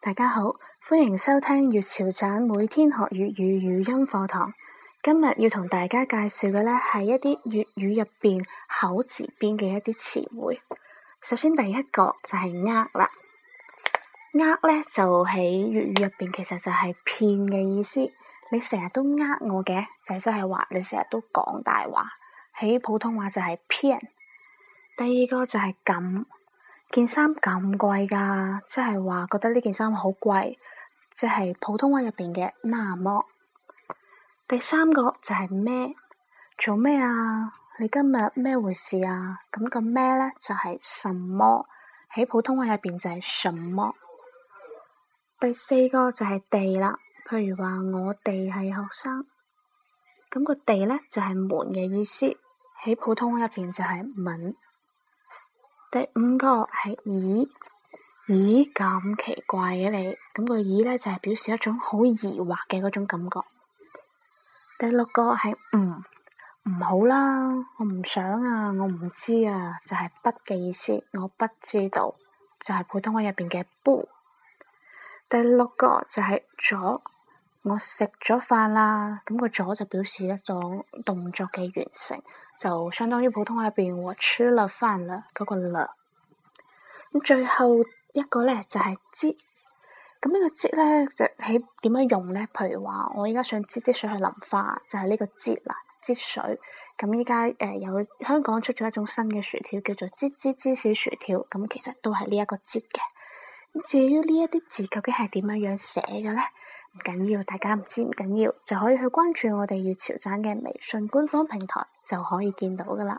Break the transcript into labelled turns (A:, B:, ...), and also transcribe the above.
A: 大家好，歡迎收聽粵潮盞每天學粵語語語音課堂。今日要同大家介紹嘅呢係一啲粵語入邊口字邊嘅一啲詞彙。首先第一個就係呃啦，呃呢就喺粵語入邊其實就係騙嘅意思。你成日都呃我嘅，就即係話你成日都講大話，喺普通話就係騙。第二個就係咁件衫咁貴噶，即係話覺得呢件衫好貴，即係普通話入邊嘅那麼。第三個就係咩做咩啊？你今日咩回事啊？咁個咩咧就係什麼，喺普通話入邊就係什麼。第四個就係地啦，譬如話我哋係學生，咁個地咧就係門嘅意思，喺普通話入邊就係門。第五個係咦，咦，咁奇怪嘅、啊、你，咁、那個咦咧就係、是、表示一種好疑惑嘅嗰種感覺。第六個係唔，唔好啦，我唔想啊，我唔知啊，就係、是、不嘅意思，我不知道，就係、是、普通話入邊嘅不。第六個就係、是、咗」。我食咗飯啦，咁、嗰個咗就表示一種動作嘅完成，就相當於普通話入邊我吃了飯了，嗰個啦。最後一個呢，就係唧，咁呢個唧呢，就係點樣用呢？譬如話我而家想唧啲水去淋花，就係呢個唧啦，唧水。咁而家誒有香港出咗一種新嘅薯條，叫做唧唧芝士薯條，咁其實都係呢一個唧嘅。咁至於呢一啲字究竟係點樣樣寫嘅呢？唔緊要，大家唔知唔緊要，就可以去關注我哋粵潮站嘅微信官方平台，就可以見到㗎喇。